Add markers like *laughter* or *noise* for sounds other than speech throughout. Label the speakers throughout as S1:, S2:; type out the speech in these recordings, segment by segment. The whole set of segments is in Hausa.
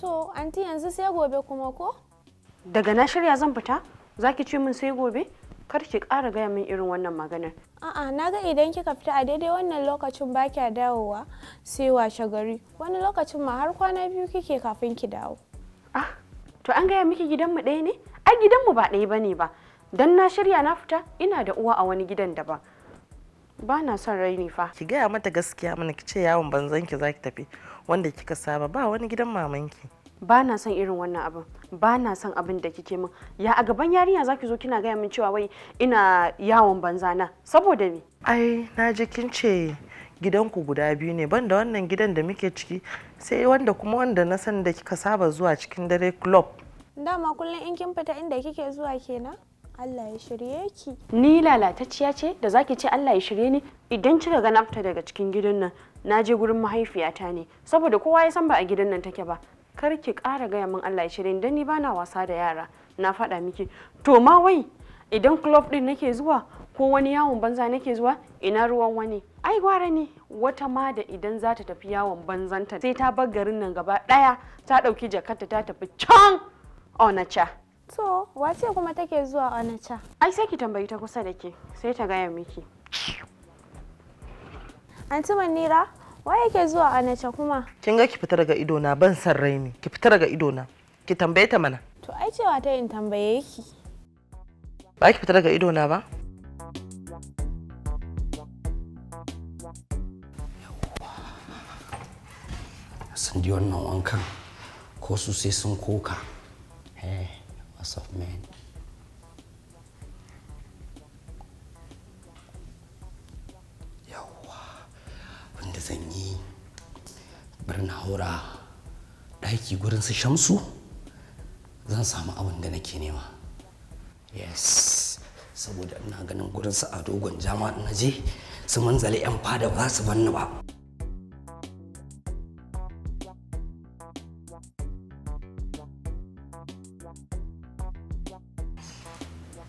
S1: To, anti yanzu sai gobe kuma ko? Daga na shirya zan fita? Za ki ce min sai gobe? Kar ki ƙara gaya min irin wannan maganar. A'a, na ga idan kika fita a daidai wannan lokacin ba kya dawowa sai washe gari. Wani lokacin ma har kwana biyu kike kafin ki dawo. Ah, to an gaya miki gidanmu ɗaya ne? Ai gidanmu ba ɗaya bane ba. Dan na shirya na fita ina da uwa a wani gidan daban. Ba na son raini fa.
S2: Ki gaya mata gaskiya mana ki ce yawon banzan ki zaki tafi wanda kika saba ba wani gidan mamanki.
S1: ba na son irin wannan abin ba na son abin da kike min ya a gaban yarinya zaki zo kina gaya min cewa wai ina yawon banza na saboda me
S3: ai na ji kin ce gidanku guda biyu ne banda wannan gidan da muke ciki sai wanda kuma wanda na san da kika saba zuwa cikin dare club
S1: dama kullum in kin fita inda kike zuwa kenan Allah ya shirye ki. Ni lalatacciya ce da zaki ce Allah ya shirye ni idan kika ga nafta daga cikin gidan nan na je gurin mahaifiyata ne saboda kowa ya san ba a gidan nan take ba kar ki ƙara gaya min Allah ya shirin dan ni bana wasa da yara na faɗa miki to ma wai idan club din nake zuwa ko wani yawon banza nake zuwa ina ruwan wani ai gwara ne wata ma da idan za ta tafi yawon banzanta sai ta bar garin nan gaba ɗaya ta ɗauki jakarta ta tafi can onacha to wace kuma take zuwa onacha ai sai ki tambayi ta kusa da ke sai ta gaya miki anti manira wa yake zuwa a nace kuma
S3: kin ga ki fita daga ido na ban san raini ki fita daga ido na ki tambaye ta mana
S1: to ai cewa ta in tambaye ki
S3: ba ki fita daga ido na ba
S4: sun ji wannan wankan ko su sai sun koka hey what's up man bari na haura ɗaki gurin su shamsu zan samu abin da nake nema yes saboda ina ganin gurin su a dogon jama na je su manzale 'yan fada ba su banna ba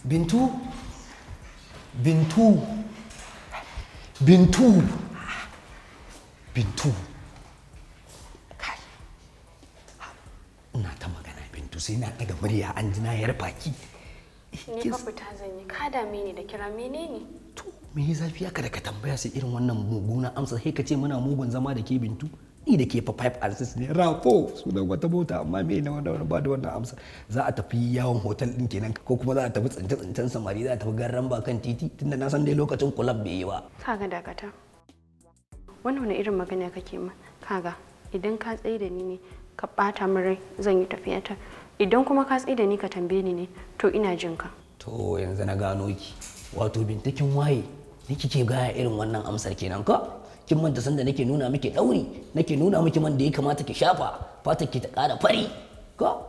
S4: bintu bintu bintu bintu sai na ɗaga murya an ji na yar baki
S1: eh, ni ba fita zan yi ka dame ni da kira menene to
S4: me ya zafi aka da ka tambaya sai irin wannan muguna amsa sai ka ce muna mugun zama da ke bintu ni da ke fa five and ne rafo su da wata mota amma me ne wanda ba da wannan amsa za a tafi yawon hotel din kenan ko kuma za a tafi tsince tsincen samari za a tafi garan ba kan titi tunda na san dai lokacin kulab bai yi ba
S1: kaga dakata wannan wani irin magana kake ma kaga idan ka tsaye da ni ne ka bata min rai zan yi tafiya ta idan kuma ka tsi da ni ka tambaye ni ne to ina jin ka
S4: to yanzu na gano ki wato bintakin waye ni kike gaya irin wannan amsar kenan ka kin manta sanda nake nuna miki dauri nake nuna miki man da ya kamata ki shafa fatar ki ta kara fari ko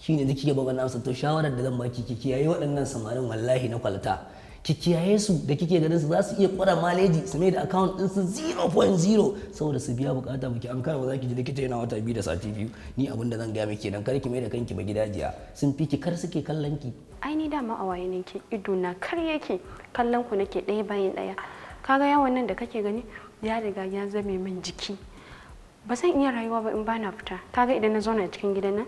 S4: shine nake ba wannan amsar to shawarar da zan baki ki kiyaye waɗannan samarin wallahi na kwalata ki kiyaye su da kike ganin su za su iya kwara maleji su mai da account din su 0.0 saboda su biya bukata muke an kara ba za ki ji likita yana wata biyu da sati biyu ni abin da zan gaya miki dan kar ki mai da kanki ba gidajiya sun fi ki kar suke kallon ki
S1: ai ni dama a waye nake ido na kar yake kallon ku nake ɗaya bayan ɗaya kaga yawan nan da kake gani ya riga ya zame min jiki ba zan iya rayuwa ba in bana fita kaga idan na zauna cikin gidan nan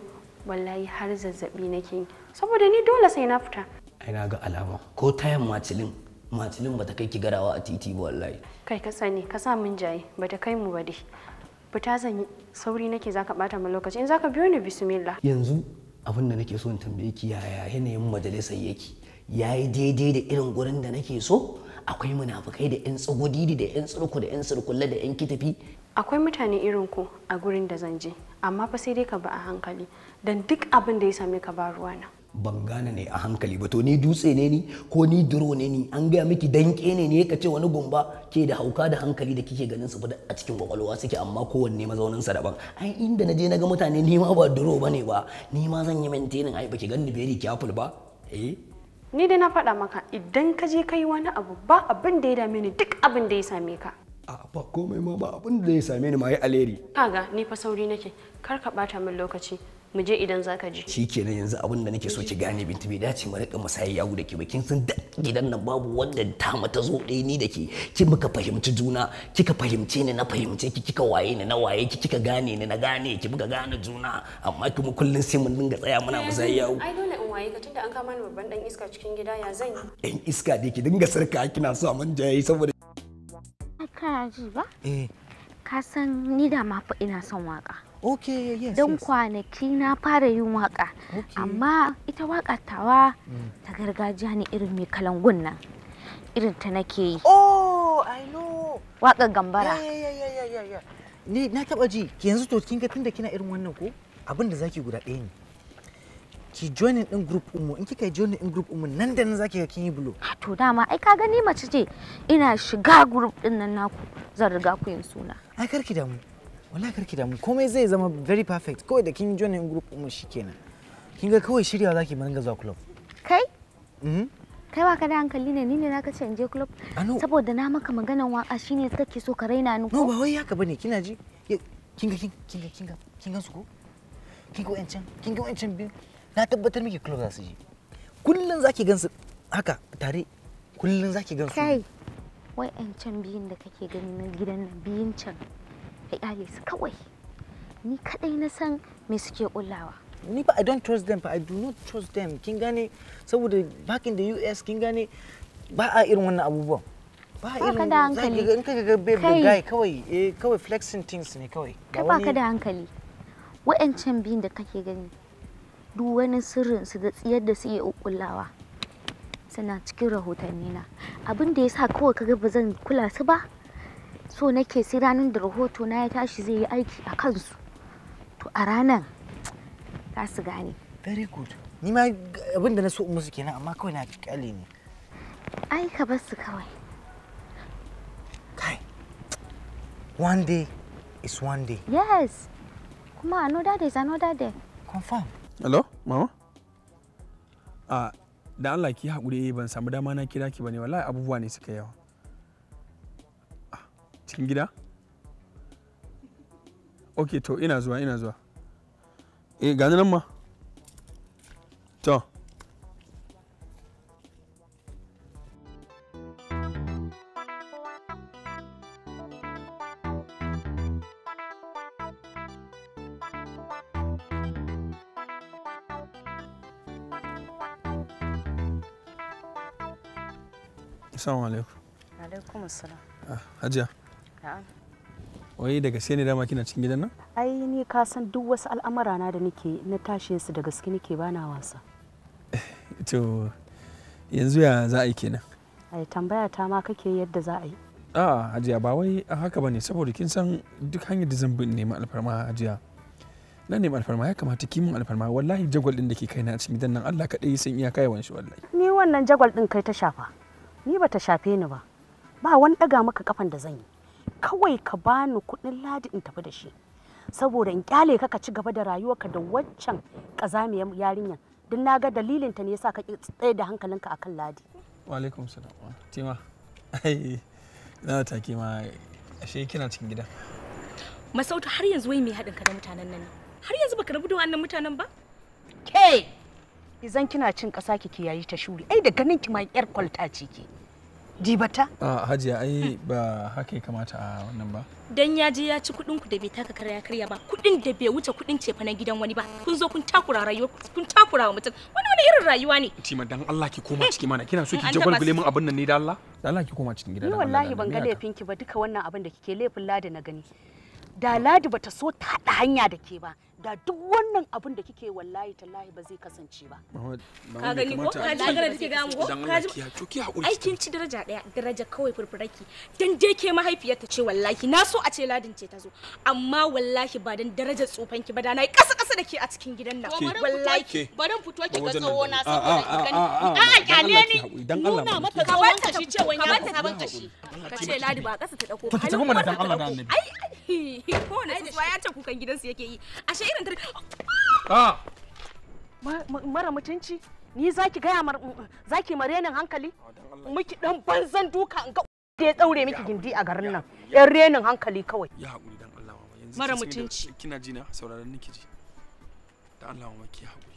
S1: wallahi har zazzabi nake saboda ni dole sai na fita
S2: ai na ga alama
S4: ko tayan macilin macilin bata kai ki garawa a titi ba wallahi
S1: kai ka sani ka sa min jaye bata kai mu ba dai fita zan sauri nake zaka bata mu lokaci in zaka biyo ni bismillah
S4: yanzu abin da nake so in tambaye ki yaya yanayin majalisar yake yayi daidai da irin gurin da nake so akwai munafukai da yan tsugudidi da yan tsurku da yan tsirkulla da
S1: yan kitafi akwai mutane irin ku a gurin da zan je amma fa sai dai ka ba a hankali dan duk abin da ya same ka ba ruwana
S4: ban gane ne a hankali ba to ni dutse ne ni ko ni duro ne ni an gaya miki danke ne ne ka ce wani gumba ke da hauka da hankali da kike ganin su a cikin kwakwalwa suke amma kowanne mazaunin sa daban
S3: ai inda na je
S4: na ga mutane ni ma ba duro bane ba ni ma zan yi maintainin ai baki ganni beri kyaful ba eh
S1: ni dai na faɗa maka idan ka je kai wani abu ba abin da ya dame ni duk abin da ya same ka
S4: a ba komai ma ba abin da ya same ni ma ya aleri
S1: kaga ni fa sauri nake kar ka bata min lokaci mu je idan zaka shi
S4: shikenan yanzu abin da nake so ki gane binti bai dace mu rika musayi yawo da ke kin san da gidan nan babu wanda ta mata zo ɗaya ni da ke ki muka fahimci juna kika fahimce ni na fahimce ki kika waye ni na waye ki kika gane ni na gane ki muka gane juna amma kuma kullun sai mun dinga tsaya muna musayi yawo ai
S1: dole in waye ka tunda an kama ni babban dan iska cikin gida ya zan yi
S4: dan iska dai ki dinga sarka kina so a yi saboda
S5: kana ji ba eh ka san ni da ma fa ina son waka okay, yes, don yes. kwanaki na fara yin waka okay. amma ita waka tawa mm. ta gargajiya ne irin mai
S3: kalangun nan irin ta nake yi oh i know waka gambara yeah, yeah, yeah, ni na taba ji ki yanzu to kin ga tunda kina irin wannan ko abin da zaki guda ɗaya ne ki joinin din group umu in kika joinin din group umu nan da nan zaki ga kin yi bulo ah,
S5: to dama ai ka gani mace ce ina shiga group din nan naku zan riga ku
S3: yin suna ai karki damu wallahi karki damu komai zai zama very perfect kawai da kin join in group mu shikenan kin ga kawai shirya zaki mu ringa zuwa club kai mhm kai ba
S5: ka da hankali ne ni ne na ce in je club saboda na maka maganan waka shine kake so ka raina ni ko ba wai haka
S3: bane kina ji kin ga kin ga kin ga kin ga su ko kin ga wancan kin ga wancan biyu na tabbatar miki club za su je kullun zaki gansu haka tare kullun zaki gansu kai
S5: wai wancan biyun da kake gani na gidan nan
S3: biyun can ka su kawai ni kadai na san me suke kullawa ni ba i don't trust them but i do not trust them kin gane saboda back in the US kin gane ba a irin wannan abubuwan ba a irin da hankali in ka ga babe guy kawai eh kawai flexing things ne kawai ba wani ka da
S5: hankali wa'ancan biyun da kake gani duk wani sirrin su da tsiyar da su iya kullawa suna cikin rahotanni na abin da yasa kawai kaga ba zan kula su ba so nake sai ranar da rahoto na ya tashi zai yi aiki a kansu to a ranar
S3: ta su gane very good ni ma abin da na so musu kenan amma kawai na kyale ne
S5: ai ka bar su kawai
S3: kai one day is one day
S5: yes kuma another day is another day
S6: confirm hello mama ah da Allah ki haƙuri ban samu dama na kira ki bane wallahi abubuwa ne suka yawa cikin gida ok to ina zuwa ina zuwa eh gani nan ma to Assalamu alaikum.
S7: Alaikum assalam.
S6: Ah, Hajiya. wai da gaske ne dama kina cikin gidan nan
S7: ai ni ka san duk wasu al'amura na da nake na tashi su da gaske nake na wasa
S6: *laughs* to yanzu ya za a yi kenan
S7: ai tambaya ta ma kake yadda za a yi
S6: a hajiya ba wai haka bane saboda kin san duk hanyar da zan bi nemi alfarma hajiya na nema alfarma ya kamata kimin alfarma wallahi jagwal din da ke kaina a cikin gidan nan Allah kaɗai ya san iyaka kai wanshi wallahi
S7: ni wannan jagwal din kai ta shafa ni ba ta shafe ni ba ba wani ɗaga maka kafan da zan yi kawai ka bani kuɗin ladi in tafi da shi saboda in kyale ka ka ci gaba da rayuwarka da waccan ƙazamiyar yarinyar don na ga dalilin ta ne yasa ka tsaye da hankalinka akan ladi
S6: wa alaikum salam tima ai na take ma ashe kina cikin gida
S7: masauta har yanzu wai me haɗin ka da mutanen nan ne har yanzu baka rabu da wannan mutanen ba ke idan kina cin ƙasa kike yayi ta shuri ai da ganin ki ma yar kwalta ce ke Jibata?
S6: A hajiya ai ba haka ya kamata a wannan ba.
S7: Dan ya je ya ci kuɗin ku da bai taka kara ya karya ba, kuɗin da bai wuce kuɗin cefa na gidan wani ba. Kun zo kun takura rayuwa, kun takura wa mutum. Wani wani irin rayuwa ne?
S6: Tima dan Allah ki koma ciki mana, kina so ki je gwalgule mun abin nan ne da Allah? Da Allah ki koma cikin gida. Ni wallahi ban ga laifin
S7: ki ba duka wannan abin da kike laifin ladi na gani. Da ladi bata so ta haɗa hanya da ke ba. da duk wannan abin da kike wallahi tallahi ba zai kasance ba
S6: ka gani ko ka ji magana take ga mu ka ji aikin ci
S7: daraja daya daraja kawai furfuraki dan dai ke mahaifiyarta ce wallahi na so a ce ladin ce ta zo amma wallahi ba dan darajar ki ba da nayi kasa kasa da ke a cikin gidan nan wallahi barin fito ki ga tsawo na saboda a a kyale
S6: ni dan Allah
S2: nuna mata
S7: tsawon kashi ce wani ya sabon kashi ka ce ladi ba kasa ta dauko ta
S2: tafi
S7: ai ko na ya ce kukan gidansu yake yi ashe irin dare ah. a mara mutunci ni zaki gaya mar zaki marenin hankali ah, miki dan banzan duka in ga da ya daure miki gindi a garin nan yan renin hankali kawai ya
S6: hakuri dan Allah mama yanzu mara mutunci kina ji na sauraron niki ji dan Allah mama ki hakuri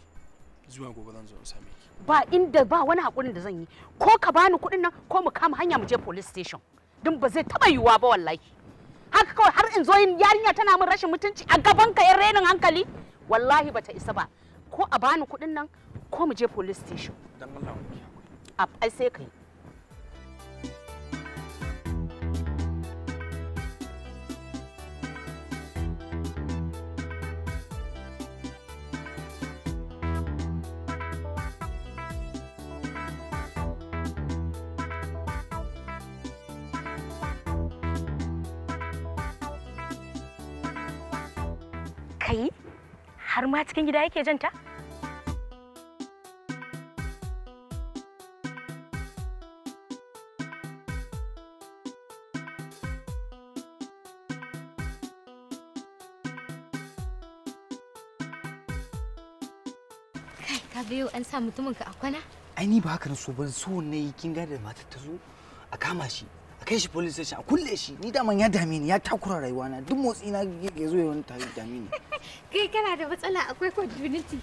S6: zuwa gobe zan zo in same ki
S7: ba inda ba wani hakurin da zan yi ko ka bani kuɗin nan ko mu kama hanya mu je police station din ba zai taba yiwuwa ba wallahi haka kawai har in zo yin yarinya tana min rashin mutunci a gaban ka yan renin hankali wallahi bata isa ba ko a bani kuɗin nan ko mu je police station dan Allah ai sai kai aka har ma cikin gida yake janta? ka
S5: biyo an sa mutumin ka a kwana?
S3: Ai ni ba haka na so ban so ne kin ga da matar ta zo a kama shi a kai shi police station a kulle shi ni daman ya dame ni ya takura rayuwa na duk motsi na ya zo ya wani dame ni.
S5: kai kana da matsala akwai continuity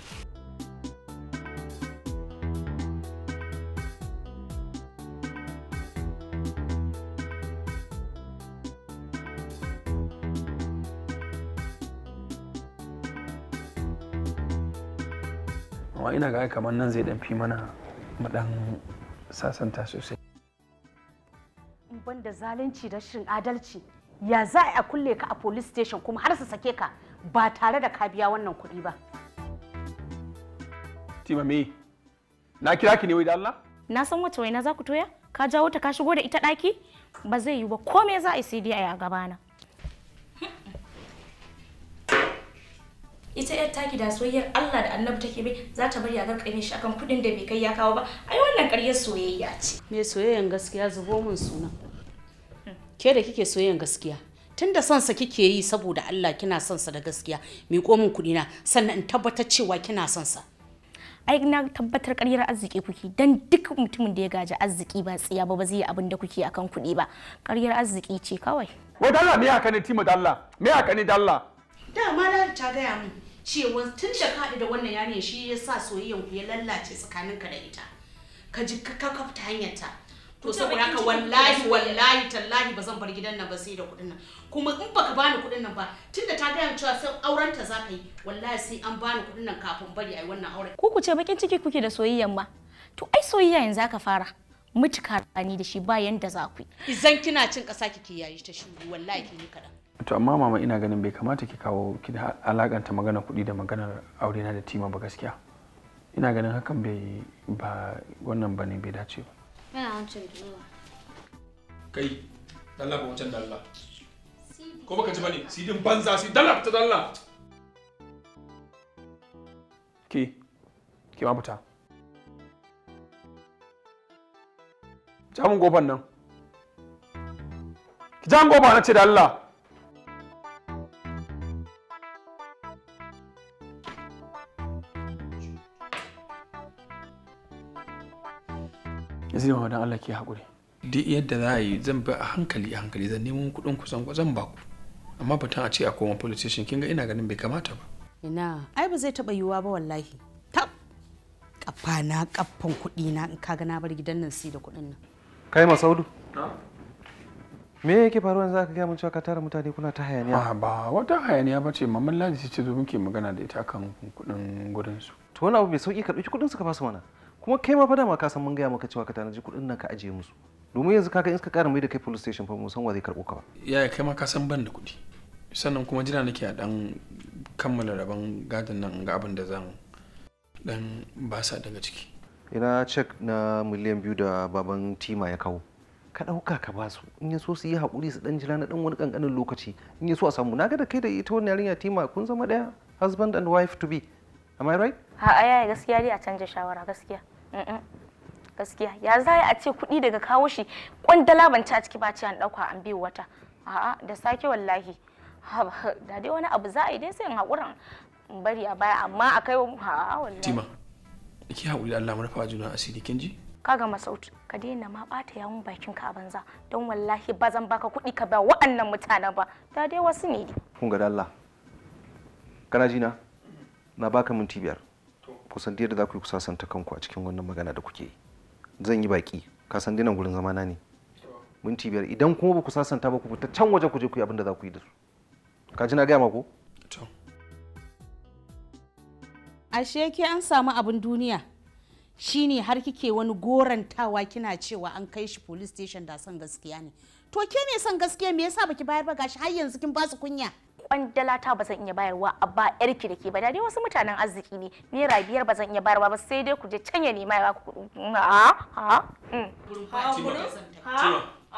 S6: wa ina ga kamar nan zai dan fi mana mu dan sasanta sosai
S7: ban da zalunci da rashin adalci ya za a kulle ka a police station kuma har su sake ka ba tare da ka biya wannan kuɗi ba.
S6: Timami Na kira ki ne wai da Allah?
S7: Na san wace waina za ku toya? Ka jawo ta ka shigo da ita ɗaki? Ba zai yi ba komai za a yi sai dai a yi a gabana. Ita ‘yar taki da soyayyar Allah da annabi take bai za ta bari a garkame shi akan kuɗin da bai kai ya kawo ba. Ai wannan ƙaryar soyayya ce. Me soyayyan gaskiya zubo min suna. Ke da kike soyayyan gaskiya Tun da sa kike yi saboda Allah kina sonsa da gaskiya mai komin kuɗi na sannan in tabbatar cewa kina sonsa. ai na tabbatar ƙaryar arziki kuke dan duk mutumin da ya gaji arziki ba tsiya ba ba zai yi abin da kuke akan kuɗi ba ƙaryar arziki ce kawai
S6: wai dalla me haka ne timu dalla me haka ne dalla
S7: dama na ta gaya min cewa tun da ka da wannan yarinya shi ya sa soyayyanku ya lallace tsakaninka da ita ka ji ka kafta hanyarta
S3: to saboda haka wallahi
S7: wallahi tallahi ba zan bar gidan nan ba sai da kuɗin nan kuma in baka bani kuɗin nan ba tunda ta gaya cewa sai auren ta za ka yi wallahi sai an bani kuɗin nan kafin bari ai wannan auren ku ku ce bakin ciki kuke da soyayyan ma to ai soyayya yanzu aka fara miji karani da shi ba yanda za ku idan kina cin ƙasa kike yayi ta shi wallahi
S8: kin yi kaɗan
S6: to amma mama ina ganin bai kamata ki kawo ki da alakanta magana kuɗi da maganar aure na da tima ba gaskiya ina ganin hakan bai ba wannan bane bai dace ba
S5: Yana wancan duba.
S6: Kai, dalla ba wancan dalla. Ko baka ji bane, sidin banza, sidin dalla ta dalla. Ke, ki ma fita. Jamun gofan nan. Ki jamun gofa na ce da Allah. yanzu ne don Allah ke haƙuri duk yadda za a yi zan bi a hankali a hankali zan nemo kuɗin kusan zan zan ba ku amma batun a ce a koma politician kin ga ina ganin bai kamata ba
S7: ina ai ba zai taɓa yiwuwa ba wallahi tab kafa na kaffan kuɗi na in ka na bar gidan nan si da kuɗin
S6: nan kai masaudu me yake faruwa yanzu aka gaya mun cewa ka tara mutane kuna ta hayaniya a ah, ba wata hayaniya ba ce mamman ladi ce zo muke magana da ita kan kuɗin
S9: gudunsu to wani abu bai sauƙi ka ɗauki kuɗin su ka ba su mana kuma kai ma fa dama ka san mun gaya maka cewa ka tanaji kuɗin nan ka ajiye musu domin yanzu kaga in suka ƙara mai da kai police station fa mu san wa zai karɓo ka ba
S6: yaya kai ma ka san ban da kuɗi sannan kuma jira nake a dan kammala rabon gadon nan ga abin da zan dan ba sa daga ciki
S9: ina check na miliyan biyu da baban tima ya kawo ka ɗauka ka ba su in ya so su yi haƙuri su dan jira na dan wani ƙanƙanin lokaci in ya so a samu na ga da kai da ita wannan yarinya tima kun zama ɗaya husband and wife to be am i
S3: right
S7: ha aya gaskiya dai a canja shawara gaskiya Eh, gaskiya ya za a ce kuɗi daga kawo shi kwandala ban ci a ciki ba ce an ɗauka an biyu wata a'a da sake wallahi da dai wani abu za a yi dai sai in haƙuran in bari a baya amma a kai a'a wallahi tima
S6: ki haƙuri da Allah mu rufa juna asiri kin ji
S7: kaga masaut ka daina ma bata yawun bakin ka a banza don wallahi ba zan baka kuɗi ka ba wa'annan mutanen ba da dai wasu ne
S9: kun ga Allah kana jina na baka minti biyar kusan da za ku yi kusasanta kanku a cikin wannan magana da kuke yi zan yi baki ka san dinan gurin zamana ne minti biyar idan kuma ba ku sasanta ba ku fita can waje ku je ku yi abin da za ku yi da su ka ji na gaya ma ko
S7: ashe ke an samu abun duniya shine har kike wani gorantawa kina cewa an kai shi police station da san gaskiya ne to ke ne san gaskiya me yasa baki bayar ba gashi har yanzu kin ba su kunya kwandala ta ba zan iya bayarwa a ba yarki da ke ba dai wasu mutanen arziki ne naira biyar ba zan iya bayarwa ba sai dai ku je can ya nema ya baku kuɗin
S6: a a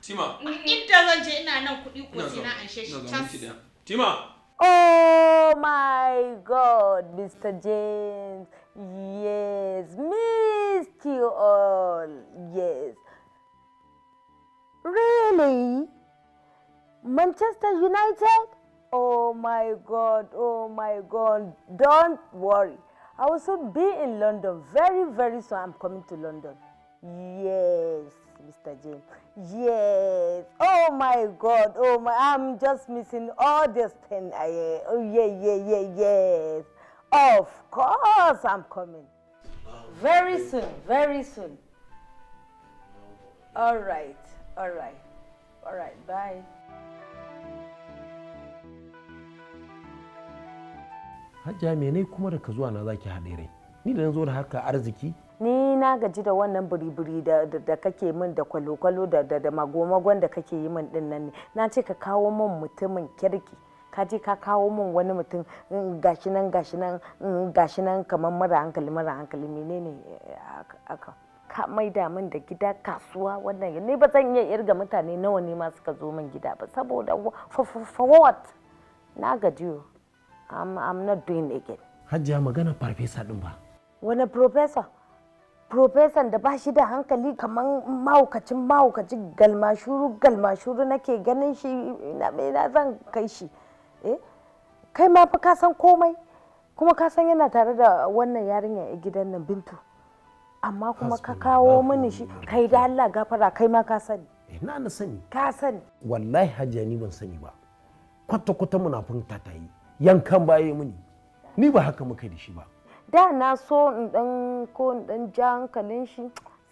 S6: Tima.
S7: Inda zan je ina nan kuɗi ko sai na
S10: anshe
S6: shi can. Tima.
S10: Oh my God, Mr. James. Yes, missed you all. Yes. Really? Manchester United? Oh my God, oh my God, don't worry. I will soon be in London very, very soon. I'm coming to London. Yes, Mr. James. Yes. Oh my God, oh my, I'm just missing all this thing. Uh, I, oh yeah, yeah, yeah, yes. Of course I'm coming. Very soon, very soon. All right, all right, all right, bye.
S9: hajja ne kuma da ka zuwa na zaki haɗe rai ni da na zo da haka arziki
S10: ni na gaji da wannan biribiri da kake min da kwalokwalo da magomagon da kake yi min din nan ne na ce ka kawo min mutumin kirki ka je ka kawo min wani mutum gashi nan gashi nan gashi nan kamar mara hankali mara hankali menene eh, aka ka maida min da gida kasuwa wannan ne ba zan iya irga mutane nawa ne ma suka zo min gida ba saboda for what na gajiyo I'm, I'm not doing again.
S9: Hajiya magana
S10: farfesa din ba. Wani professor? Profesan da ba shi da hankali kamar mahaukacin mahaukacin galmashuru galmashuru nake ganin shi na na zan kai shi. Eh? Kai ma fa ka san komai kuma ka san yana tare da wannan yarinya a gidan nan Bintu. Amma kuma ka kawo mini shi kai da Allah gafara kai ma ka sani.
S9: Ina na sani. Ka sani. Wallahi Hajiya ni ban sani ba. Kwata-kwata munafin ta ta yi. yankan baye muni ni ba haka muka da shi ba
S10: da na so in dan ko in dan ja hankalin shi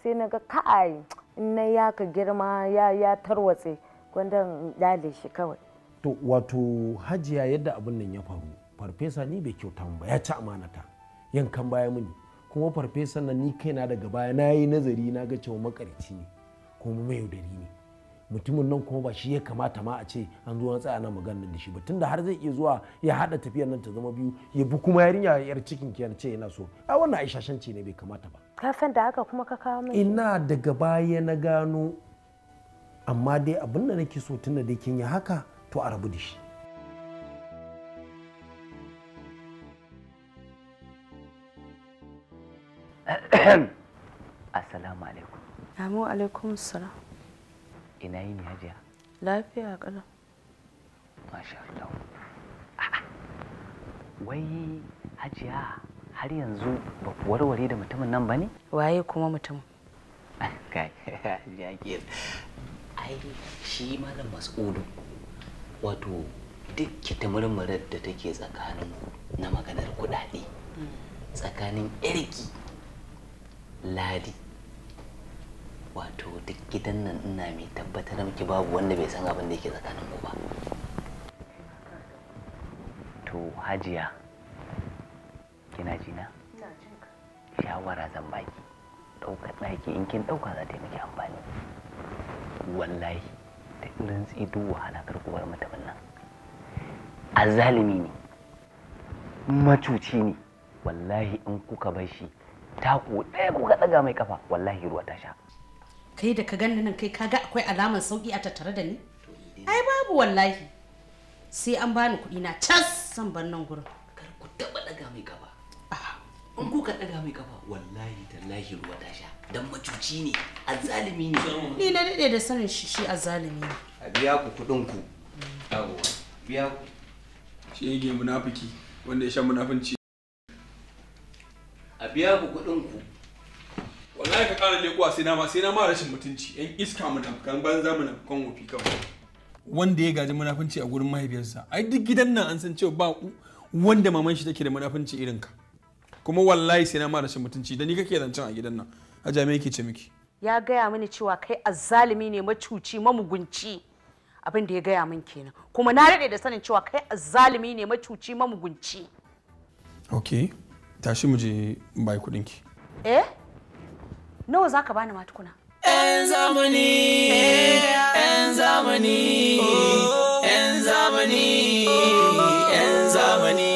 S10: sai na ga ka'ai in na ya ka girma ya ya tarwatse gwandan dale shi kawai
S9: to wato hajiya yadda abin nan ya faru farfesa ni bai kyauta mu ba ya ci amanata yankan baya muni kuma farfesa nan ni kaina daga baya na yi nazari na ga cewa makarci ne kuma mai yaudari ne mutumin nan kuma ba shi ya kamata ma a ce an zo tsaya na maganin da shi ba tunda har zai iya zuwa ya hada tafiyar nan ta zama biyu ya bi kuma yarinya yar cikin ki ce yana so a wannan ai shashanci ne bai kamata ba
S10: kafin da haka kuma ka kawo mai
S9: ina daga baya na gano amma dai abin da nake so tunda dai kin yi haka to a
S11: rabu da shi *coughs* Assalamu alaikum.
S1: alaikum salam.
S11: ina yi ne hajiya
S1: lafiya kala
S11: masha Allah wai hajiya har yanzu ba ku warware da mutumin nan ba ne waye kuma mutum *laughs* kai hajiya ai shi malam mas'udu wato duk kitimurmurar da take tsakanin na maganar kudade tsakanin irki ladi wato duk gidan nan ina mai tabbatar miki babu wanda bai san abin da yake tsakanin mu ba to hajiya kina jina shawara zan baki ɗaukar ɗaki in kin ɗauka za ta yi miki amfani wallahi da irin tsidu wahala karkuwar mutumin nan azalimi ne
S3: macuci ne
S11: wallahi in kuka bar shi taku ɗaya kuka ɗaga mai kafa wallahi ruwa ta sha
S7: kai da ka gani nan kai kaga akwai alamar sauki a tattare da ni ai babu wallahi sai an bani kuɗi na cas zan bar nan gurin kar
S11: ku taba daga mai gaba ah. in ka daga mai gaba wallahi tallahi ruwa ta sha dan macuci ne
S6: azzalimi ne
S7: ni na dade da sanin shi shi azzalimi ne
S6: a biya ku kuɗin ku biya ku yake munafiki wanda ya sha munafinci a biya ku kuɗin ku wallahi ka kara leko sai sinama sinama rashin mutunci yan iska munafukan banza munafukan wofi kawai wanda ya gaji munafunci a gurin mahaifiyarsa ai duk gidan nan an san cewa ba wanda maman shi take da munafunci irin ka kuma wallahi sai na ma rashin mutunci da ni kake zancen a gidan nan a me yake ce miki
S7: ya gaya mini cewa kai azzalimi ne macuci mamugunci abin da ya gaya min kenan kuma na daɗe da sanin cewa kai azzalimi ne macuci mamugunci
S6: ok tashi mu je bai ki
S7: eh nawa zaka bani matukuna.
S2: tukuna yan zamani yan zamani yan zamani yan zamani